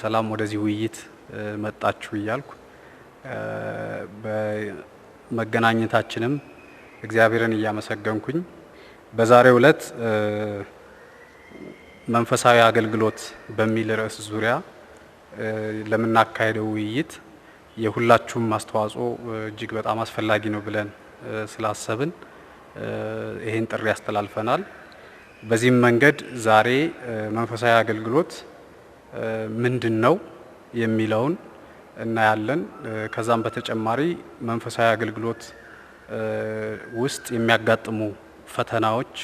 ሰላም ወደዚህ ውይይት መጣችሁ እያልኩ በመገናኘታችንም እግዚአብሔርን እያመሰገንኩኝ በዛሬው ዕለት መንፈሳዊ አገልግሎት በሚል ርዕስ ዙሪያ ለምናካሄደው ውይይት የሁላችሁም አስተዋጽኦ እጅግ በጣም አስፈላጊ ነው ብለን ስላሰብን ይህን ጥሪ ያስተላልፈናል። በዚህም መንገድ ዛሬ መንፈሳዊ አገልግሎት ምንድን ነው የሚለውን እናያለን። ከዛም በተጨማሪ መንፈሳዊ አገልግሎት ውስጥ የሚያጋጥሙ ፈተናዎች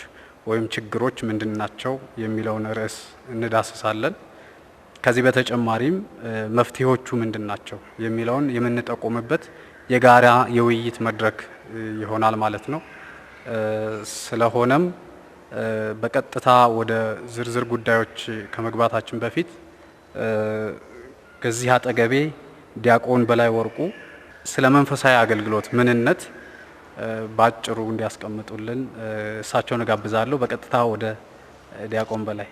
ወይም ችግሮች ምንድን ናቸው የሚለውን ርዕስ እንዳስሳለን። ከዚህ በተጨማሪም መፍትሄዎቹ ምንድን ናቸው የሚለውን የምንጠቆምበት የጋራ የውይይት መድረክ ይሆናል ማለት ነው። ስለሆነም በቀጥታ ወደ ዝርዝር ጉዳዮች ከመግባታችን በፊት ከዚህ አጠገቤ ዲያቆን በላይ ወርቁ ስለ መንፈሳዊ አገልግሎት ምንነት በአጭሩ እንዲያስቀምጡልን እሳቸውን እጋብዛለሁ። በቀጥታ ወደ ዲያቆን በላይ።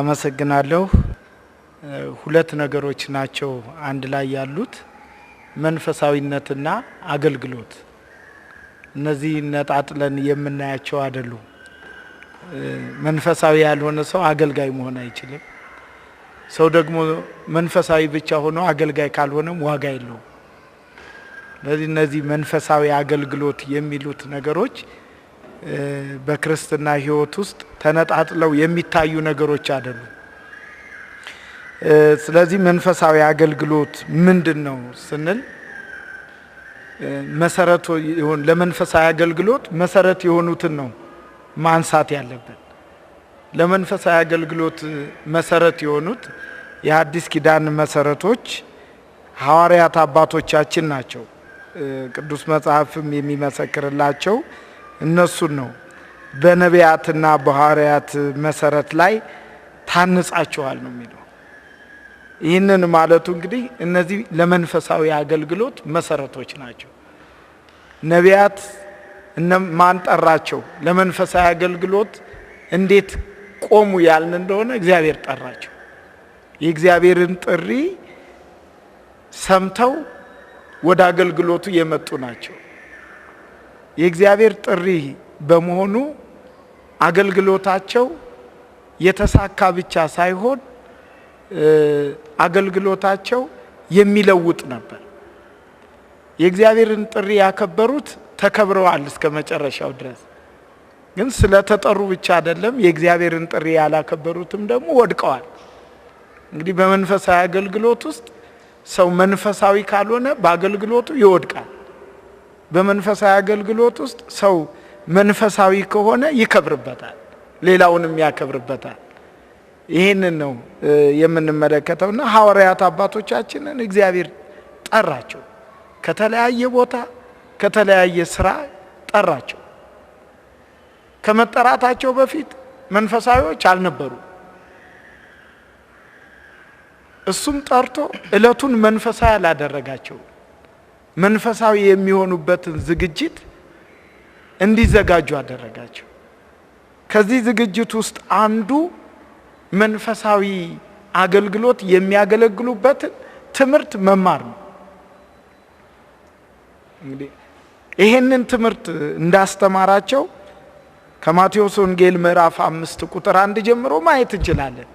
አመሰግናለሁ። ሁለት ነገሮች ናቸው አንድ ላይ ያሉት መንፈሳዊነትና አገልግሎት። እነዚህ ነጣጥለን የምናያቸው አይደሉም። መንፈሳዊ ያልሆነ ሰው አገልጋይ መሆን አይችልም። ሰው ደግሞ መንፈሳዊ ብቻ ሆኖ አገልጋይ ካልሆነም ዋጋ የለው ስለዚህ እነዚህ መንፈሳዊ አገልግሎት የሚሉት ነገሮች በክርስትና ሕይወት ውስጥ ተነጣጥለው የሚታዩ ነገሮች አይደሉም። ስለዚህ መንፈሳዊ አገልግሎት ምንድን ነው ስንል መሰረቱ ለመንፈሳዊ አገልግሎት መሰረት የሆኑትን ነው ማንሳት ያለብን። ለመንፈሳዊ አገልግሎት መሰረት የሆኑት የአዲስ ኪዳን መሰረቶች ሐዋርያት አባቶቻችን ናቸው። ቅዱስ መጽሐፍም የሚመሰክርላቸው እነሱን ነው። በነቢያትና በሐዋርያት መሰረት ላይ ታንጻቸዋል ነው የሚለው። ይህንን ማለቱ እንግዲህ እነዚህ ለመንፈሳዊ አገልግሎት መሰረቶች ናቸው። ነቢያት ማን ጠራቸው? ለመንፈሳዊ አገልግሎት እንዴት ቆሙ ያልን እንደሆነ እግዚአብሔር ጠራቸው። የእግዚአብሔርን ጥሪ ሰምተው ወደ አገልግሎቱ የመጡ ናቸው። የእግዚአብሔር ጥሪ በመሆኑ አገልግሎታቸው የተሳካ ብቻ ሳይሆን አገልግሎታቸው የሚለውጥ ነበር። የእግዚአብሔርን ጥሪ ያከበሩት ተከብረዋል እስከ መጨረሻው ድረስ። ግን ስለተጠሩ ብቻ አይደለም፣ የእግዚአብሔርን ጥሪ ያላከበሩትም ደግሞ ወድቀዋል። እንግዲህ በመንፈሳዊ አገልግሎት ውስጥ ሰው መንፈሳዊ ካልሆነ በአገልግሎቱ ይወድቃል። በመንፈሳዊ አገልግሎት ውስጥ ሰው መንፈሳዊ ከሆነ ይከብርበታል፣ ሌላውንም ያከብርበታል። ይህንን ነው የምንመለከተው እና ሐዋርያት አባቶቻችንን እግዚአብሔር ጠራቸው። ከተለያየ ቦታ ከተለያየ ስራ ጠራቸው። ከመጠራታቸው በፊት መንፈሳዊዎች አልነበሩ። እሱም ጠርቶ እለቱን መንፈሳዊ አላደረጋቸው። መንፈሳዊ የሚሆኑበትን ዝግጅት እንዲዘጋጁ አደረጋቸው። ከዚህ ዝግጅት ውስጥ አንዱ መንፈሳዊ አገልግሎት የሚያገለግሉበትን ትምህርት መማር ነው። እንግዲህ ይሄንን ትምህርት እንዳስተማራቸው ከማቴዎስ ወንጌል ምዕራፍ አምስት ቁጥር አንድ ጀምሮ ማየት እንችላለን።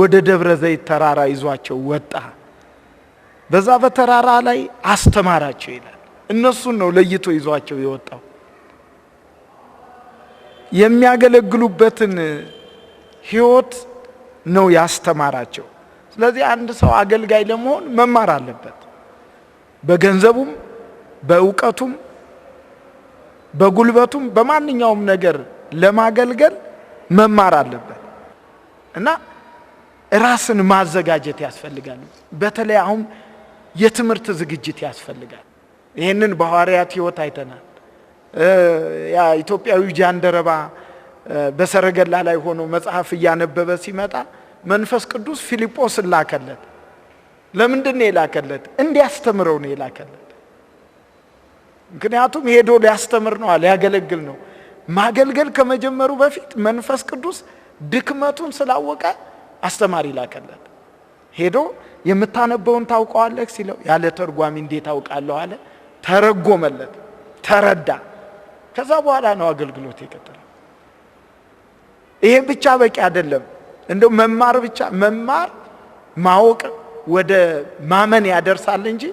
ወደ ደብረ ዘይት ተራራ ይዟቸው ወጣ፣ በዛ በተራራ ላይ አስተማራቸው ይላል። እነሱን ነው ለይቶ ይዟቸው የወጣው። የሚያገለግሉበትን ሕይወት ነው ያስተማራቸው። ስለዚህ አንድ ሰው አገልጋይ ለመሆን መማር አለበት። በገንዘቡም፣ በእውቀቱም፣ በጉልበቱም በማንኛውም ነገር ለማገልገል መማር አለበት እና ራስን ማዘጋጀት ያስፈልጋል። በተለይ አሁን የትምህርት ዝግጅት ያስፈልጋል። ይህንን በሐዋርያት ሕይወት አይተናል። ያ ኢትዮጵያዊ ጃንደረባ በሰረገላ ላይ ሆኖ መጽሐፍ እያነበበ ሲመጣ መንፈስ ቅዱስ ፊልጶስን ላከለት። ለምንድን ነው የላከለት? እንዲያስተምረው ነው የላከለት። ምክንያቱም ሄዶ ሊያስተምር ነው፣ ሊያገለግል ነው። ማገልገል ከመጀመሩ በፊት መንፈስ ቅዱስ ድክመቱን ስላወቀ አስተማሪ ላከለን። ሄዶ የምታነበውን ታውቀዋለህ ሲለው ያለ ተርጓሚ እንዴት ታውቃለሁ አለ። ተረጎመለት፣ ተረዳ። ከዛ በኋላ ነው አገልግሎት የቀጠለ። ይሄ ብቻ በቂ አይደለም። እንደው መማር ብቻ መማር ማወቅ ወደ ማመን ያደርሳል እንጂ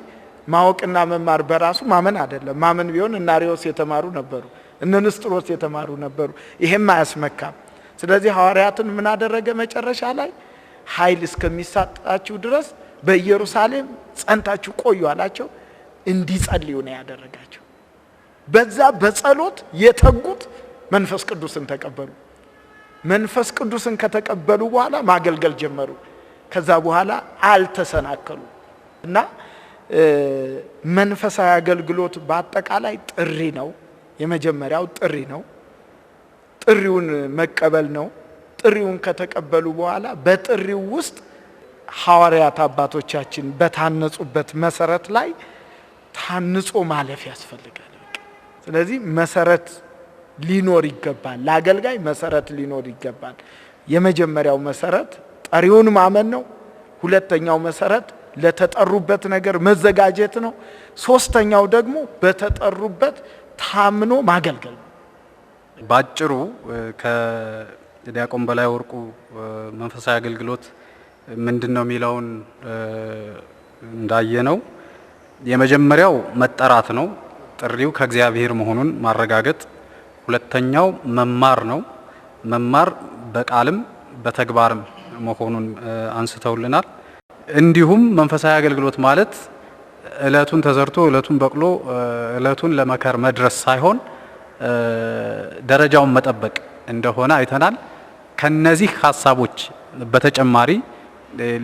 ማወቅና መማር በራሱ ማመን አይደለም። ማመን ቢሆን እና የተማሩ ነበሩ። እነ ንስጥሮስ የተማሩ ነበሩ። ይሄም አያስመካም። ስለዚህ ሐዋርያትን ምን አደረገ? መጨረሻ ላይ ኃይል እስከሚሳጣችሁ ድረስ በኢየሩሳሌም ጸንታችሁ ቆዩ አላቸው። እንዲጸልዩ ነው ያደረጋቸው። በዛ በጸሎት የተጉት መንፈስ ቅዱስን ተቀበሉ። መንፈስ ቅዱስን ከተቀበሉ በኋላ ማገልገል ጀመሩ። ከዛ በኋላ አልተሰናከሉ እና መንፈሳዊ አገልግሎት በአጠቃላይ ጥሪ ነው። የመጀመሪያው ጥሪ ነው። ጥሪውን መቀበል ነው። ጥሪውን ከተቀበሉ በኋላ በጥሪው ውስጥ ሐዋርያት አባቶቻችን በታነጹበት መሰረት ላይ ታንጾ ማለፍ ያስፈልጋል። ስለዚህ መሰረት ሊኖር ይገባል። ለአገልጋይ መሰረት ሊኖር ይገባል። የመጀመሪያው መሰረት ጠሪውን ማመን ነው። ሁለተኛው መሰረት ለተጠሩበት ነገር መዘጋጀት ነው። ሶስተኛው ደግሞ በተጠሩበት ታምኖ ማገልገል ነው። ባጭሩ ከዲያቆን በላይ ወርቁ መንፈሳዊ አገልግሎት ምንድን ነው የሚለውን እንዳየ ነው። የመጀመሪያው መጠራት ነው፣ ጥሪው ከእግዚአብሔር መሆኑን ማረጋገጥ። ሁለተኛው መማር ነው፣ መማር በቃልም በተግባርም መሆኑን አንስተውልናል። እንዲሁም መንፈሳዊ አገልግሎት ማለት እለቱን ተዘርቶ እለቱን በቅሎ እለቱን ለመከር መድረስ ሳይሆን ደረጃውን መጠበቅ እንደሆነ አይተናል። ከነዚህ ሀሳቦች በተጨማሪ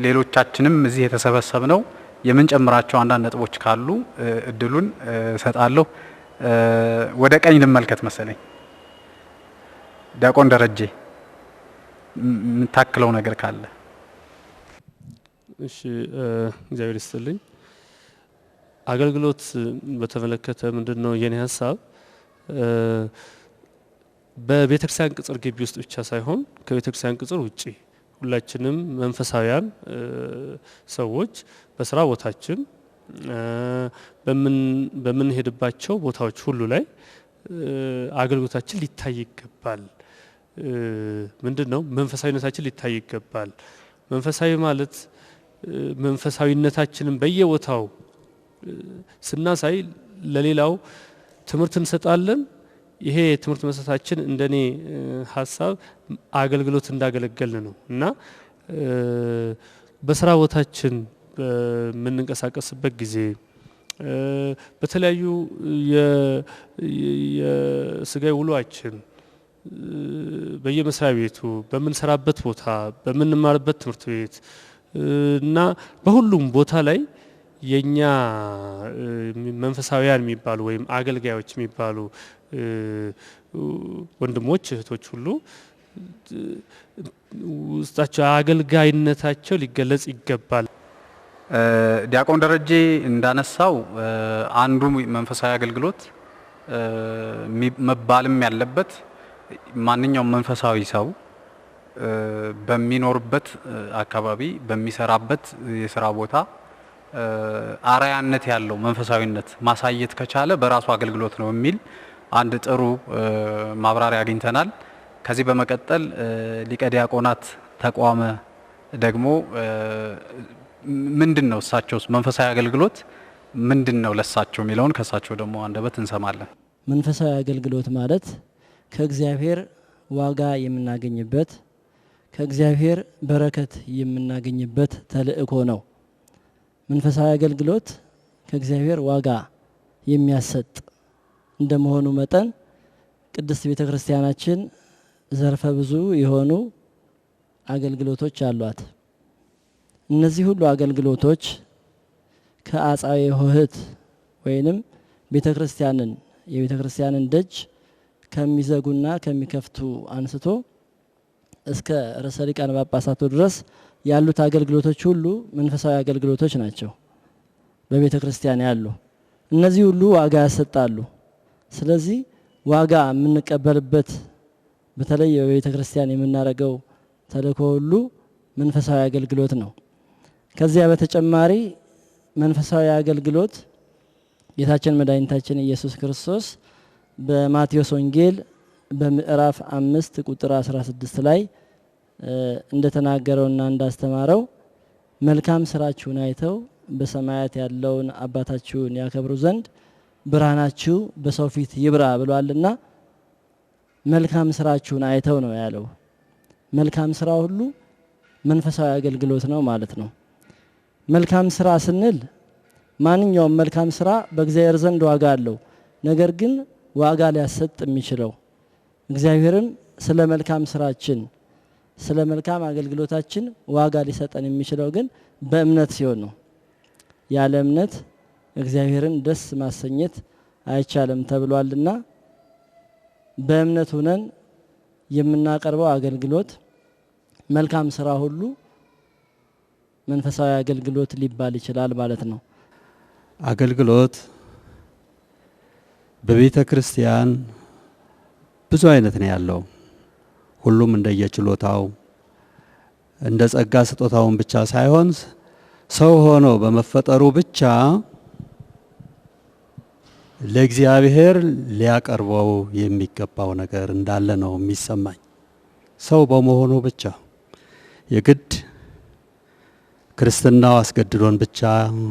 ሌሎቻችንም እዚህ የተሰበሰብነው የምንጨምራቸው አንዳንድ ነጥቦች ካሉ እድሉን እሰጣለሁ። ወደ ቀኝ ልመልከት መሰለኝ። ዲያቆን ደረጀ የምታክለው ነገር ካለ እሺ። እግዚአብሔር ይስጥልኝ። አገልግሎት በተመለከተ ምንድን ነው የኔ ሀሳብ በቤተክርስቲያን ቅጽር ግቢ ውስጥ ብቻ ሳይሆን ከቤተክርስቲያን ቅጽር ውጪ ሁላችንም መንፈሳዊያን ሰዎች በስራ ቦታችን በምንሄድባቸው ቦታዎች ሁሉ ላይ አገልግሎታችን ሊታይ ይገባል። ምንድን ነው መንፈሳዊነታችን ሊታይ ይገባል። መንፈሳዊ ማለት መንፈሳዊነታችንን በየቦታው ስናሳይ ለሌላው ትምህርት እንሰጣለን። ይሄ ትምህርት መስጠታችን እንደኔ ሀሳብ አገልግሎት እንዳገለገልን ነው እና በስራ ቦታችን በምንንቀሳቀስበት ጊዜ በተለያዩ የስጋይ ውሏችን በየመስሪያ ቤቱ በምንሰራበት ቦታ በምንማርበት ትምህርት ቤት እና በሁሉም ቦታ ላይ የእኛ መንፈሳዊያን የሚባሉ ወይም አገልጋዮች የሚባሉ ወንድሞች እህቶች ሁሉ ውስጣቸው አገልጋይነታቸው ሊገለጽ ይገባል። ዲያቆን ደረጀ እንዳነሳው አንዱ መንፈሳዊ አገልግሎት መባልም ያለበት ማንኛውም መንፈሳዊ ሰው በሚኖርበት አካባቢ በሚሰራበት የስራ ቦታ አራያነት ያለው መንፈሳዊነት ማሳየት ከቻለ በራሱ አገልግሎት ነው የሚል አንድ ጥሩ ማብራሪያ አግኝተናል። ከዚህ በመቀጠል ሊቀ ዲያቆናት ተቋመ ደግሞ ምንድን ነው እሳቸው መንፈሳዊ አገልግሎት ምንድን ነው ለሳቸው የሚለውን ከእሳቸው ደግሞ አንደበት እንሰማለን። መንፈሳዊ አገልግሎት ማለት ከእግዚአብሔር ዋጋ የምናገኝበት ከእግዚአብሔር በረከት የምናገኝበት ተልእኮ ነው። መንፈሳዊ አገልግሎት ከእግዚአብሔር ዋጋ የሚያሰጥ እንደመሆኑ መጠን ቅድስት ቤተ ክርስቲያናችን ዘርፈ ብዙ የሆኑ አገልግሎቶች አሏት። እነዚህ ሁሉ አገልግሎቶች ከአጻዊ ሆህት ወይንም ቤተ ክርስቲያንን የቤተ ክርስቲያንን ደጅ ከሚዘጉና ከሚከፍቱ አንስቶ እስከ ርዕሰ ሊቃነ ጳጳሳቱ ድረስ ያሉት አገልግሎቶች ሁሉ መንፈሳዊ አገልግሎቶች ናቸው። በቤተ ክርስቲያን ያሉ እነዚህ ሁሉ ዋጋ ያሰጣሉ። ስለዚህ ዋጋ የምንቀበልበት በተለይ በቤተ ክርስቲያን የምናደርገው ተልእኮ ሁሉ መንፈሳዊ አገልግሎት ነው። ከዚያ በተጨማሪ መንፈሳዊ አገልግሎት ጌታችን መድኃኒታችን ኢየሱስ ክርስቶስ በማቴዎስ ወንጌል በምዕራፍ አምስት ቁጥር 16 ላይ እንደተናገረውና እንዳስተማረው መልካም ስራችሁን አይተው በሰማያት ያለውን አባታችሁን ያከብሩ ዘንድ ብርሃናችሁ በሰው ፊት ይብራ ብሏልና መልካም ስራችሁን አይተው ነው ያለው። መልካም ስራ ሁሉ መንፈሳዊ አገልግሎት ነው ማለት ነው። መልካም ስራ ስንል ማንኛውም መልካም ስራ በእግዚአብሔር ዘንድ ዋጋ አለው። ነገር ግን ዋጋ ሊያሰጥ የሚችለው እግዚአብሔርም ስለ መልካም ስራችን ስለ መልካም አገልግሎታችን ዋጋ ሊሰጠን የሚችለው ግን በእምነት ሲሆን ነው። ያለ እምነት እግዚአብሔርን ደስ ማሰኘት አይቻልም ተብሏልና በእምነት ሆነን የምናቀርበው አገልግሎት መልካም ስራ ሁሉ መንፈሳዊ አገልግሎት ሊባል ይችላል ማለት ነው። አገልግሎት በቤተ ክርስቲያን ብዙ አይነት ነው ያለው። ሁሉም እንደየችሎታው እንደ ጸጋ ስጦታውን ብቻ ሳይሆን ሰው ሆኖ በመፈጠሩ ብቻ ለእግዚአብሔር ሊያቀርበው የሚገባው ነገር እንዳለ ነው የሚሰማኝ። ሰው በመሆኑ ብቻ የግድ ክርስትናው አስገድዶን ብቻ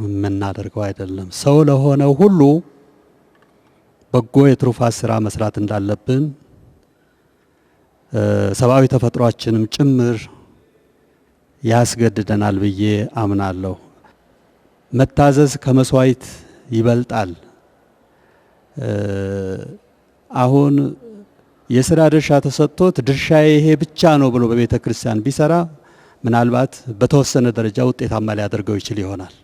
የምናደርገው አይደለም። ሰው ለሆነ ሁሉ በጎ የትሩፋት ስራ መስራት እንዳለብን ሰብአዊ ተፈጥሯችንም ጭምር ያስገድደናል ብዬ አምናለሁ። መታዘዝ ከመስዋዕት ይበልጣል። አሁን የስራ ድርሻ ተሰጥቶት ድርሻ ይሄ ብቻ ነው ብሎ በቤተ ክርስቲያን ቢሰራ ምናልባት በተወሰነ ደረጃ ውጤታማ ሊያደርገው ይችል ይሆናል።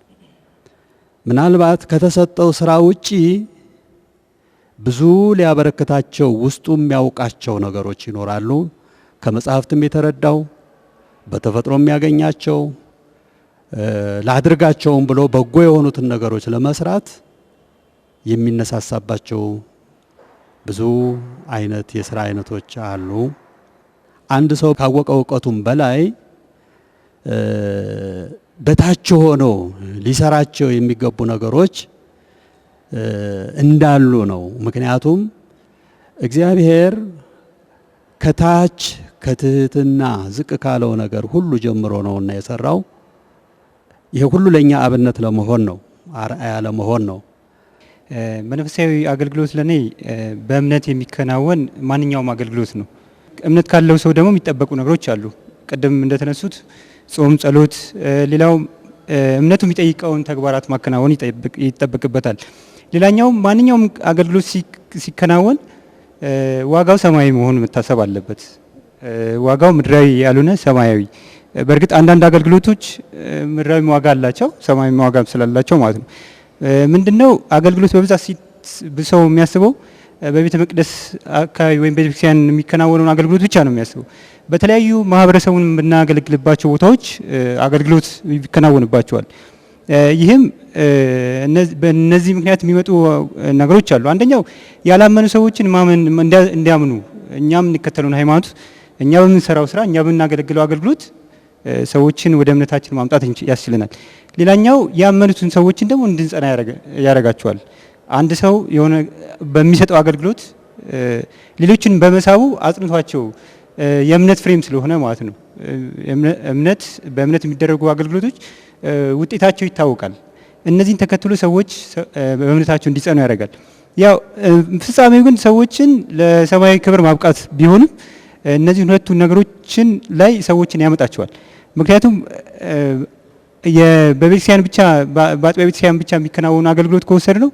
ምናልባት ከተሰጠው ስራ ውጪ ብዙ ሊያበረክታቸው ውስጡ የሚያውቃቸው ነገሮች ይኖራሉ። ከመጽሐፍትም የተረዳው በተፈጥሮ የሚያገኛቸው ላድርጋቸውም ብሎ በጎ የሆኑትን ነገሮች ለመስራት የሚነሳሳባቸው ብዙ አይነት የስራ አይነቶች አሉ። አንድ ሰው ካወቀው እውቀቱም በላይ በታች ሆኖ ሊሰራቸው የሚገቡ ነገሮች እንዳሉ ነው። ምክንያቱም እግዚአብሔር ከታች ከትህትና ዝቅ ካለው ነገር ሁሉ ጀምሮ ነውና የሰራው። ይሄ ሁሉ ለእኛ አብነት ለመሆን ነው፣ አርአያ ለመሆን ነው። መንፈሳዊ አገልግሎት ለእኔ በእምነት የሚከናወን ማንኛውም አገልግሎት ነው። እምነት ካለው ሰው ደግሞ የሚጠበቁ ነገሮች አሉ። ቅድም እንደተነሱት ጾም፣ ጸሎት፣ ሌላው እምነቱ የሚጠይቀውን ተግባራት ማከናወን ይጠበቅበታል። ሌላኛው ማንኛውም አገልግሎት ሲከናወን ዋጋው ሰማያዊ መሆኑ መታሰብ አለበት። ዋጋው ምድራዊ ያልሆነ ሰማያዊ። በእርግጥ አንዳንድ አገልግሎቶች ምድራዊ ዋጋ አላቸው፣ ሰማያዊ ዋጋ ስላላቸው ማለት ነው። ምንድነው አገልግሎት በብዛት ሰው የሚያስበው በቤተ መቅደስ አካባቢ ወይም ቤተክርስቲያን የሚከናወነውን አገልግሎት ብቻ ነው የሚያስበው። በተለያዩ ማህበረሰቡን የምናገለግልባቸው ቦታዎች አገልግሎት ይከናወንባቸዋል። ይህም በእነዚህ ምክንያት የሚመጡ ነገሮች አሉ። አንደኛው ያላመኑ ሰዎችን ማመን እንዲያምኑ እኛ የምንከተለውን ሃይማኖት፣ እኛ በምንሰራው ስራ፣ እኛ በምናገለግለው አገልግሎት ሰዎችን ወደ እምነታችን ማምጣት ያስችለናል። ሌላኛው ያመኑትን ሰዎችን ደግሞ እንድንጸና ያደርጋቸዋል። አንድ ሰው የሆነ በሚሰጠው አገልግሎት ሌሎችን በመሳቡ አጽንቷቸው የእምነት ፍሬም ስለሆነ ማለት ነው። እምነት በእምነት የሚደረጉ አገልግሎቶች ውጤታቸው ይታወቃል። እነዚህን ተከትሎ ሰዎች በእምነታቸው እንዲጸኑ ያደርጋል። ያው ፍጻሜው ግን ሰዎችን ለሰማያዊ ክብር ማብቃት ቢሆንም እነዚህ ሁለቱ ነገሮችን ላይ ሰዎችን ያመጣቸዋል። ምክንያቱም በቤተክርስቲያን ብቻ በአጥቢያ ቤተክርስቲያን ብቻ የሚከናወኑ አገልግሎት ከወሰድ ነው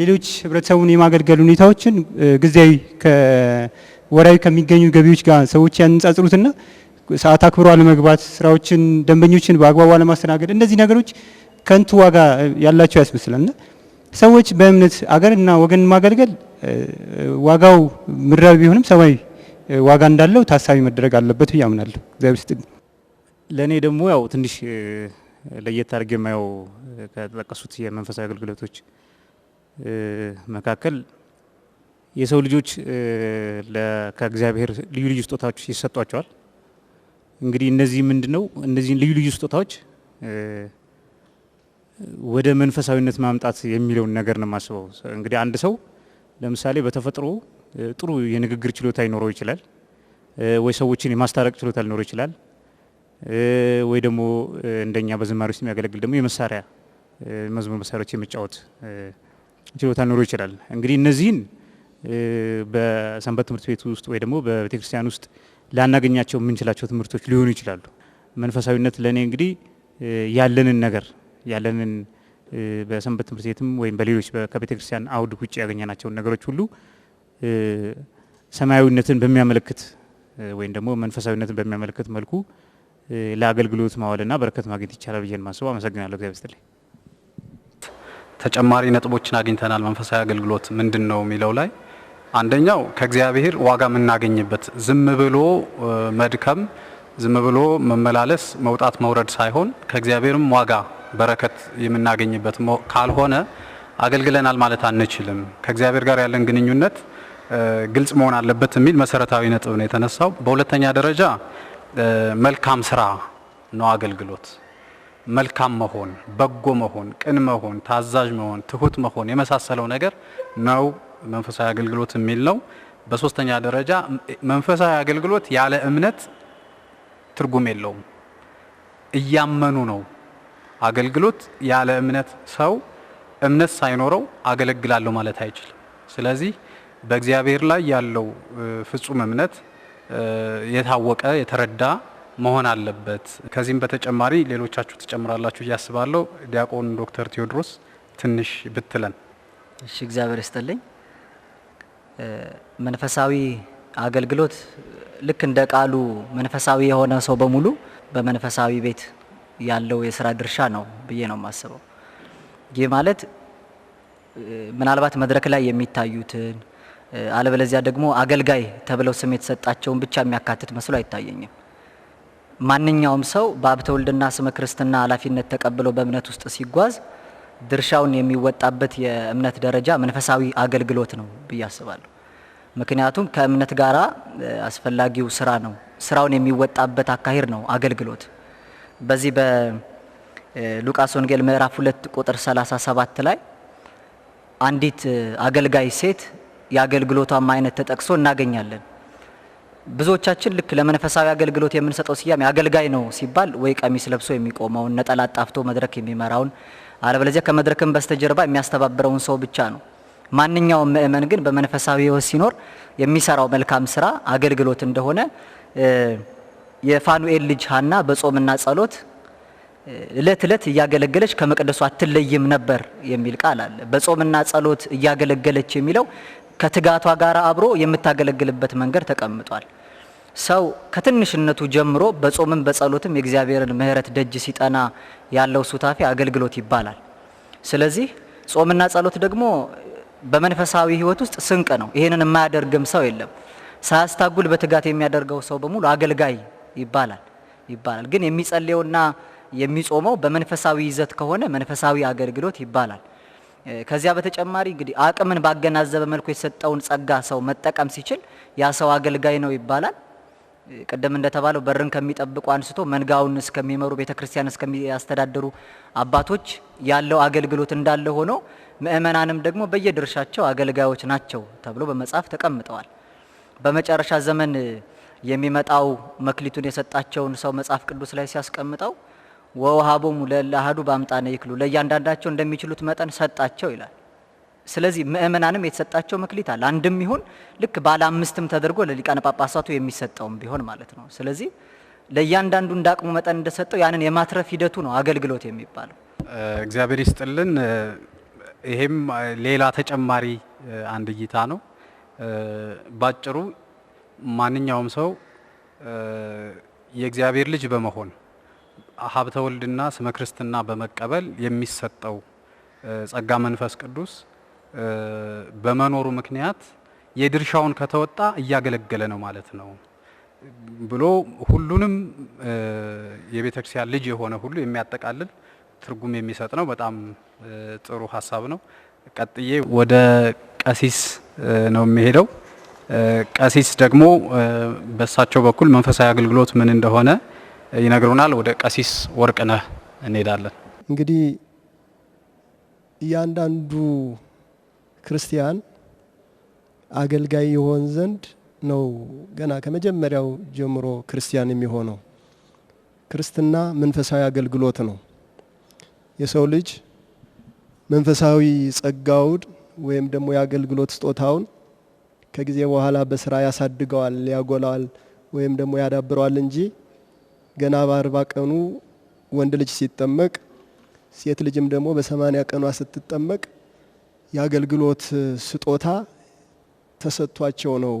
ሌሎች ህብረተሰቡን የማገልገል ሁኔታዎችን ጊዜያዊ ወራዊ ከሚገኙ ገቢዎች ጋር ሰዎች ያንጻጽሩትና ሰዓት አክብሮ አለመግባት፣ ስራዎችን ደንበኞችን በአግባቡ አለማስተናገድ፣ እነዚህ ነገሮች ከንቱ ዋጋ ያላቸው ያስመስላልና ሰዎች በእምነት አገርና ወገን ማገልገል ዋጋው ምድራዊ ቢሆንም ሰማያዊ ዋጋ እንዳለው ታሳቢ መደረግ አለበት ብዬ አምናለሁ። እግዚአብሔር ለእኔ ደግሞ ያው ትንሽ ለየት አድርጌ የማየው ከተጠቀሱት የመንፈሳዊ አገልግሎቶች መካከል የሰው ልጆች ከእግዚአብሔር ልዩ ልዩ ስጦታዎች ይሰጧቸዋል። እንግዲህ እነዚህ ምንድን ነው እነዚህን ልዩ ልዩ ስጦታዎች ወደ መንፈሳዊነት ማምጣት የሚለውን ነገር ነው የማስበው። እንግዲህ አንድ ሰው ለምሳሌ በተፈጥሮ ጥሩ የንግግር ችሎታ ይኖረው ይችላል፣ ወይ ሰዎችን የማስታረቅ ችሎታ ሊኖረው ይችላል፣ ወይ ደግሞ እንደኛ በዝማሪ ውስጥ የሚያገለግል ደግሞ የመሳሪያ መዝሙር መሳሪያዎች የመጫወት ችሎታ ሊኖረው ይችላል። እንግዲህ እነዚህን በሰንበት ትምህርት ቤት ውስጥ ወይ ደግሞ በቤተክርስቲያን ውስጥ ላናገኛቸው የምንችላቸው ትምህርቶች ሊሆኑ ይችላሉ። መንፈሳዊነት ለእኔ እንግዲህ ያለንን ነገር ያለንን በሰንበት ትምህርት ቤትም ወይም በሌሎች ከቤተ ክርስቲያን አውድ ውጭ ያገኘናቸውን ነገሮች ሁሉ ሰማያዊነትን በሚያመለክት ወይም ደግሞ መንፈሳዊነትን በሚያመለክት መልኩ ለአገልግሎት ማዋልና በረከት ማግኘት ይቻላል ብዬን ማስበው። አመሰግናለሁ። እግዚአብሔር ይስጥልኝ። ተጨማሪ ነጥቦችን አግኝተናል። መንፈሳዊ አገልግሎት ምንድን ነው የሚለው ላይ አንደኛው ከእግዚአብሔር ዋጋ የምናገኝበት ዝም ብሎ መድከም፣ ዝም ብሎ መመላለስ፣ መውጣት መውረድ ሳይሆን ከእግዚአብሔርም ዋጋ በረከት የምናገኝበት ካልሆነ አገልግለናል ማለት አንችልም። ከእግዚአብሔር ጋር ያለን ግንኙነት ግልጽ መሆን አለበት የሚል መሰረታዊ ነጥብ ነው የተነሳው። በሁለተኛ ደረጃ መልካም ስራ ነው አገልግሎት። መልካም መሆን፣ በጎ መሆን፣ ቅን መሆን፣ ታዛዥ መሆን፣ ትሁት መሆን የመሳሰለው ነገር ነው መንፈሳዊ አገልግሎት የሚል ነው። በሶስተኛ ደረጃ መንፈሳዊ አገልግሎት ያለ እምነት ትርጉም የለውም። እያመኑ ነው አገልግሎት። ያለ እምነት ሰው እምነት ሳይኖረው አገለግላለሁ ማለት አይችልም። ስለዚህ በእግዚአብሔር ላይ ያለው ፍጹም እምነት የታወቀ የተረዳ መሆን አለበት። ከዚህም በተጨማሪ ሌሎቻችሁ ትጨምራላችሁ እያስባለሁ። ዲያቆን ዶክተር ቴዎድሮስ ትንሽ ብትለን። እሺ፣ እግዚአብሔር ይስጥልኝ። መንፈሳዊ አገልግሎት ልክ እንደ ቃሉ መንፈሳዊ የሆነ ሰው በሙሉ በመንፈሳዊ ቤት ያለው የስራ ድርሻ ነው ብዬ ነው የማስበው። ይህ ማለት ምናልባት መድረክ ላይ የሚታዩትን አለበለዚያ ደግሞ አገልጋይ ተብለው ስም የተሰጣቸውን ብቻ የሚያካትት መስሎ አይታየኝም። ማንኛውም ሰው በአብ ተወልድና ስመ ክርስትና ኃላፊነት ተቀብሎ በእምነት ውስጥ ሲጓዝ ድርሻውን የሚወጣበት የእምነት ደረጃ መንፈሳዊ አገልግሎት ነው ብዬ አስባለሁ። ምክንያቱም ከእምነት ጋር አስፈላጊው ስራ ነው፣ ስራውን የሚወጣበት አካሄድ ነው አገልግሎት። በዚህ በሉቃስ ወንጌል ምዕራፍ ሁለት ቁጥር 37 ላይ አንዲት አገልጋይ ሴት የአገልግሎቷም አይነት ተጠቅሶ እናገኛለን። ብዙዎቻችን ልክ ለመንፈሳዊ አገልግሎት የምንሰጠው ስያሜ አገልጋይ ነው ሲባል ወይ ቀሚስ ለብሶ የሚቆመውን ነጠላ ጣፍቶ መድረክ የሚመራውን አለበለዚያ ከመድረክም በስተጀርባ የሚያስተባብረውን ሰው ብቻ ነው። ማንኛውም ምእመን ግን በመንፈሳዊ ህይወት ሲኖር የሚሰራው መልካም ስራ አገልግሎት እንደሆነ የፋኑኤል ልጅ ሀና በጾምና ጸሎት እለት እለት እያገለገለች ከመቅደሱ አትለይም ነበር የሚል ቃል አለ። በጾምና ጸሎት እያገለገለች የሚለው ከትጋቷ ጋር አብሮ የምታገለግልበት መንገድ ተቀምጧል። ሰው ከትንሽነቱ ጀምሮ በጾምም በጸሎትም የእግዚአብሔርን ምሕረት ደጅ ሲጠና ያለው ሱታፌ አገልግሎት ይባላል። ስለዚህ ጾምና ጸሎት ደግሞ በመንፈሳዊ ሕይወት ውስጥ ስንቅ ነው። ይህንን የማያደርግም ሰው የለም። ሳያስታጉል በትጋት የሚያደርገው ሰው በሙሉ አገልጋይ ይባላል ይባላል። ግን የሚጸልየውና የሚጾመው በመንፈሳዊ ይዘት ከሆነ መንፈሳዊ አገልግሎት ይባላል። ከዚያ በተጨማሪ እንግዲህ አቅምን ባገናዘበ መልኩ የሰጠውን ጸጋ ሰው መጠቀም ሲችል ያ ሰው አገልጋይ ነው ይባላል። ቅድም እንደተባለው በርን ከሚጠብቁ አንስቶ መንጋውን እስከሚመሩ ቤተ ክርስቲያን እስከሚያስተዳድሩ አባቶች ያለው አገልግሎት እንዳለ ሆኖ ምእመናንም ደግሞ በየድርሻቸው አገልጋዮች ናቸው ተብሎ በመጽሐፍ ተቀምጠዋል። በመጨረሻ ዘመን የሚመጣው መክሊቱን የሰጣቸውን ሰው መጽሐፍ ቅዱስ ላይ ሲያስቀምጠው ወውሃቦሙ ለአሐዱ በአምጣነ ይክሉ፣ ለእያንዳንዳቸው እንደሚችሉት መጠን ሰጣቸው ይላል። ስለዚህ ምእመናንም የተሰጣቸው መክሊት አለ። አንድም ይሁን ልክ ባለ አምስትም ተደርጎ ለሊቃነ ጳጳሳቱ የሚሰጠውም ቢሆን ማለት ነው። ስለዚህ ለእያንዳንዱ እንዳቅሙ መጠን እንደሰጠው ያንን የማትረፍ ሂደቱ ነው አገልግሎት የሚባለው። እግዚአብሔር ይስጥልን። ይሄም ሌላ ተጨማሪ አንድ እይታ ነው። ባጭሩ ማንኛውም ሰው የእግዚአብሔር ልጅ በመሆን ሀብተ ወልድና ስመ ክርስትና በመቀበል የሚሰጠው ጸጋ መንፈስ ቅዱስ በመኖሩ ምክንያት የድርሻውን ከተወጣ እያገለገለ ነው ማለት ነው ብሎ ሁሉንም የቤተ ክርስቲያን ልጅ የሆነ ሁሉ የሚያጠቃልል ትርጉም የሚሰጥ ነው። በጣም ጥሩ ሀሳብ ነው። ቀጥዬ ወደ ቀሲስ ነው የሚሄደው። ቀሲስ ደግሞ በእሳቸው በኩል መንፈሳዊ አገልግሎት ምን እንደሆነ ይነግሩናል። ወደ ቀሲስ ወርቅነህ እንሄዳለን። እንግዲህ እያንዳንዱ ክርስቲያን አገልጋይ ይሆን ዘንድ ነው ገና ከመጀመሪያው ጀምሮ ክርስቲያን የሚሆነው። ክርስትና መንፈሳዊ አገልግሎት ነው። የሰው ልጅ መንፈሳዊ ጸጋውን ወይም ደግሞ የአገልግሎት ስጦታውን ከጊዜ በኋላ በስራ ያሳድገዋል፣ ያጎላዋል ወይም ደግሞ ያዳብረዋል እንጂ ገና በአርባ ቀኑ ወንድ ልጅ ሲጠመቅ ሴት ልጅም ደግሞ በሰማንያ ቀኗ ስትጠመቅ የአገልግሎት ስጦታ ተሰጥቷቸው ነው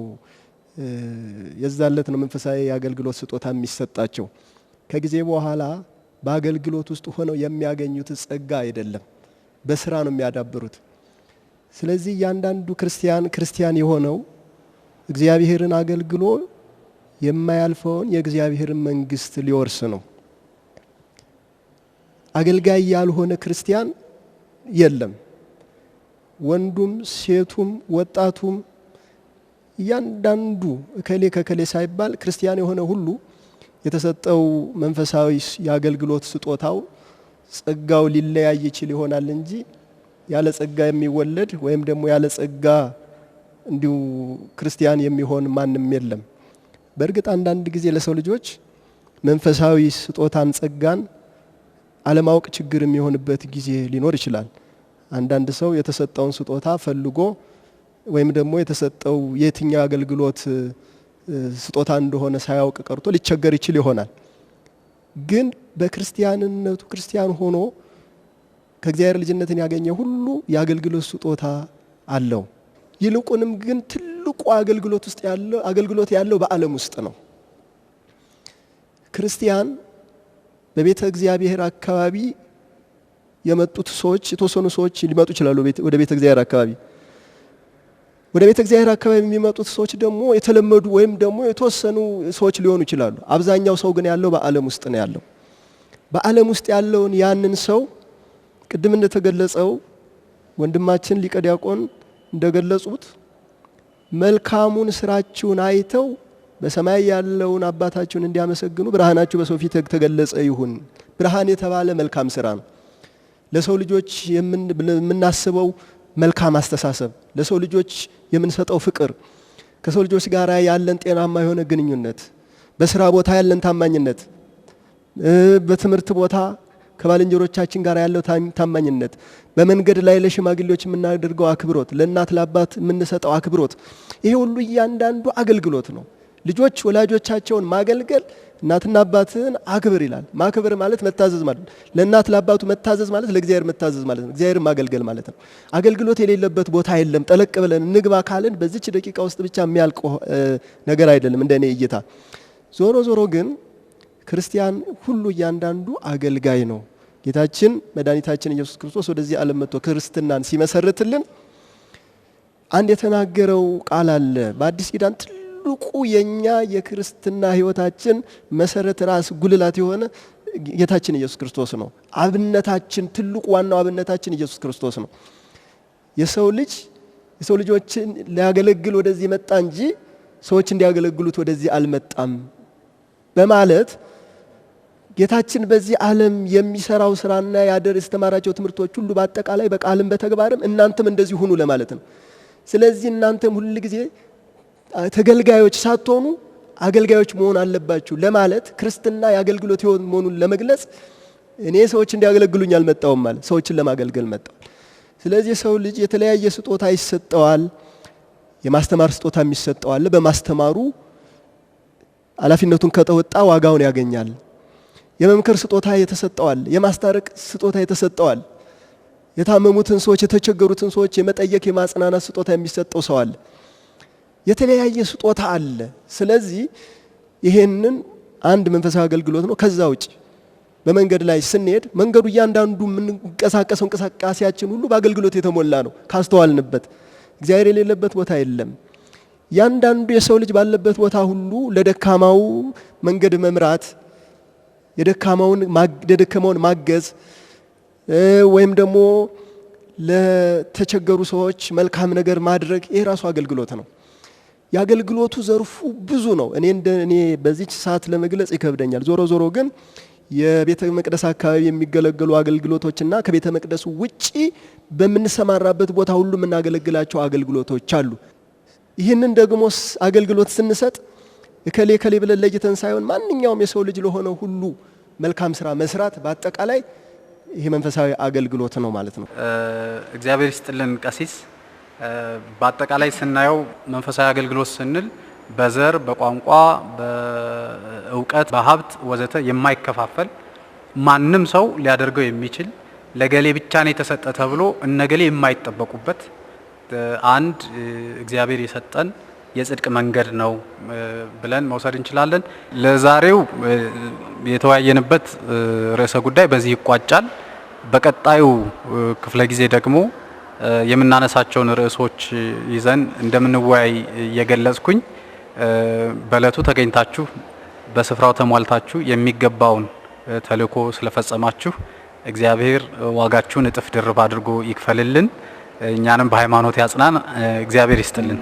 የዛለት ነው መንፈሳዊ የአገልግሎት ስጦታ የሚሰጣቸው። ከጊዜ በኋላ በአገልግሎት ውስጥ ሆነው የሚያገኙት ጸጋ አይደለም፣ በስራ ነው የሚያዳብሩት። ስለዚህ እያንዳንዱ ክርስቲያን ክርስቲያን የሆነው እግዚአብሔርን አገልግሎ የማያልፈውን የእግዚአብሔርን መንግስት ሊወርስ ነው። አገልጋይ ያልሆነ ክርስቲያን የለም። ወንዱም፣ ሴቱም፣ ወጣቱም እያንዳንዱ እከሌ ከከሌ ሳይባል ክርስቲያን የሆነ ሁሉ የተሰጠው መንፈሳዊ የአገልግሎት ስጦታው ጸጋው ሊለያይ ይችል ይሆናል እንጂ ያለ ጸጋ የሚወለድ ወይም ደግሞ ያለ ጸጋ እንዲሁ ክርስቲያን የሚሆን ማንም የለም። በእርግጥ አንዳንድ ጊዜ ለሰው ልጆች መንፈሳዊ ስጦታን ጸጋን አለማወቅ ችግር የሚሆንበት ጊዜ ሊኖር ይችላል። አንዳንድ ሰው የተሰጠውን ስጦታ ፈልጎ ወይም ደግሞ የተሰጠው የትኛው አገልግሎት ስጦታ እንደሆነ ሳያውቅ ቀርቶ ሊቸገር ይችል ይሆናል። ግን በክርስቲያንነቱ ክርስቲያን ሆኖ ከእግዚአብሔር ልጅነትን ያገኘ ሁሉ የአገልግሎት ስጦታ አለው። ይልቁንም ግን ትልቁ አገልግሎት ውስጥ ያለው አገልግሎት ያለው በዓለም ውስጥ ነው። ክርስቲያን በቤተ እግዚአብሔር አካባቢ የመጡት ሰዎች የተወሰኑ ሰዎች ሊመጡ ይችላሉ ወደ ቤተ እግዚአብሔር አካባቢ። ወደ ቤተ እግዚአብሔር አካባቢ የሚመጡት ሰዎች ደግሞ የተለመዱ ወይም ደግሞ የተወሰኑ ሰዎች ሊሆኑ ይችላሉ። አብዛኛው ሰው ግን ያለው በዓለም ውስጥ ነው ያለው። በዓለም ውስጥ ያለውን ያንን ሰው ቅድም እንደተገለጸው ወንድማችን ሊቀ ዲያቆን እንደገለጹት መልካሙን ስራችሁን አይተው በሰማይ ያለውን አባታችሁን እንዲያመሰግኑ ብርሃናችሁ በሰው ፊት ተገለጸ ይሁን። ብርሃን የተባለ መልካም ስራ ነው። ለሰው ልጆች የምናስበው መልካም አስተሳሰብ፣ ለሰው ልጆች የምንሰጠው ፍቅር፣ ከሰው ልጆች ጋር ያለን ጤናማ የሆነ ግንኙነት፣ በስራ ቦታ ያለን ታማኝነት፣ በትምህርት ቦታ ከባልንጀሮቻችን ጋር ያለው ታማኝነት፣ በመንገድ ላይ ለሽማግሌዎች የምናደርገው አክብሮት፣ ለእናት ለአባት የምንሰጠው አክብሮት፣ ይሄ ሁሉ እያንዳንዱ አገልግሎት ነው። ልጆች ወላጆቻቸውን ማገልገል እናትና አባትን አክብር ይላል። ማክበር ማለት መታዘዝ ማለት ነው። ለእናት ለአባቱ መታዘዝ ማለት ለእግዚአብሔር መታዘዝ ማለት ነው። እግዚአብሔር ማገልገል ማለት ነው። አገልግሎት የሌለበት ቦታ የለም። ጠለቅ ብለን እንግባ ካልን በዚች ደቂቃ ውስጥ ብቻ የሚያልቅ ነገር አይደለም፣ እንደኔ እይታ። ዞሮ ዞሮ ግን ክርስቲያን ሁሉ እያንዳንዱ አገልጋይ ነው። ጌታችን መድኃኒታችን ኢየሱስ ክርስቶስ ወደዚህ ዓለም መጥቶ ክርስትናን ሲመሰርትልን አንድ የተናገረው ቃል አለ በአዲስ ኪዳን ትልቁ የኛ የክርስትና ህይወታችን መሰረት ራስ ጉልላት የሆነ ጌታችን ኢየሱስ ክርስቶስ ነው። አብነታችን ትልቁ ዋናው አብነታችን ኢየሱስ ክርስቶስ ነው። የሰው ልጅ የሰው ልጆችን ሊያገለግል ወደዚህ መጣ እንጂ ሰዎች እንዲያገለግሉት ወደዚህ አልመጣም በማለት ጌታችን በዚህ ዓለም የሚሰራው ስራና ያደር የተማራቸው ትምህርቶች ሁሉ በአጠቃላይ በቃልም በተግባርም እናንተም እንደዚህ ሁኑ ለማለት ነው። ስለዚህ እናንተም ሁል ጊዜ ተገልጋዮች ሳትሆኑ አገልጋዮች መሆን አለባችሁ ለማለት ክርስትና የአገልግሎት ሕይወት መሆኑን ለመግለጽ እኔ ሰዎች እንዲያገለግሉኝ አልመጣውም ማለት ሰዎችን ለማገልገል መጣዋል። ስለዚህ ሰው ልጅ የተለያየ ስጦታ ይሰጠዋል። የማስተማር ስጦታ የሚሰጠዋል። በማስተማሩ ኃላፊነቱን ከተወጣ ዋጋውን ያገኛል። የመምከር ስጦታ የተሰጠዋል። የማስታረቅ ስጦታ የተሰጠዋል። የታመሙትን ሰዎች የተቸገሩትን ሰዎች የመጠየቅ የማጽናናት ስጦታ የሚሰጠው ሰዋል። የተለያየ ስጦታ አለ። ስለዚህ ይሄንን አንድ መንፈሳዊ አገልግሎት ነው። ከዛ ውጭ በመንገድ ላይ ስንሄድ መንገዱ እያንዳንዱ የምንንቀሳቀሰው እንቅስቃሴያችን ሁሉ በአገልግሎት የተሞላ ነው። ካስተዋልንበት እግዚአብሔር የሌለበት ቦታ የለም። እያንዳንዱ የሰው ልጅ ባለበት ቦታ ሁሉ ለደካማው መንገድ መምራት፣ የደከመውን ማገዝ ወይም ደግሞ ለተቸገሩ ሰዎች መልካም ነገር ማድረግ ይሄ ራሱ አገልግሎት ነው። የአገልግሎቱ ዘርፉ ብዙ ነው። እኔ እንደ እኔ በዚች ሰዓት ለመግለጽ ይከብደኛል። ዞሮ ዞሮ ግን የቤተ መቅደስ አካባቢ የሚገለገሉ አገልግሎቶችና ከቤተ መቅደሱ ውጪ በምንሰማራበት ቦታ ሁሉ የምናገለግላቸው አገልግሎቶች አሉ። ይህንን ደግሞ አገልግሎት ስንሰጥ እከሌ እከሌ ብለን ለይተን ሳይሆን ማንኛውም የሰው ልጅ ለሆነ ሁሉ መልካም ስራ መስራት በአጠቃላይ ይሄ መንፈሳዊ አገልግሎት ነው ማለት ነው። እግዚአብሔር ይስጥልን ቀሲስ በአጠቃላይ ስናየው መንፈሳዊ አገልግሎት ስንል በዘር፣ በቋንቋ፣ በእውቀት፣ በሀብት ወዘተ የማይከፋፈል ማንም ሰው ሊያደርገው የሚችል ለገሌ ብቻ ነው የተሰጠ ተብሎ እነገሌ የማይጠበቁበት አንድ እግዚአብሔር የሰጠን የጽድቅ መንገድ ነው ብለን መውሰድ እንችላለን። ለዛሬው የተወያየንበት ርዕሰ ጉዳይ በዚህ ይቋጫል። በቀጣዩ ክፍለ ጊዜ ደግሞ የምናነሳቸውን ርዕሶች ይዘን እንደምንወያይ እየገለጽኩኝ በእለቱ ተገኝታችሁ በስፍራው ተሟልታችሁ የሚገባውን ተልዕኮ ስለፈጸማችሁ እግዚአብሔር ዋጋችሁን እጥፍ ድርብ አድርጎ ይክፈልልን፣ እኛንም በሃይማኖት ያጽናን። እግዚአብሔር ይስጥልን።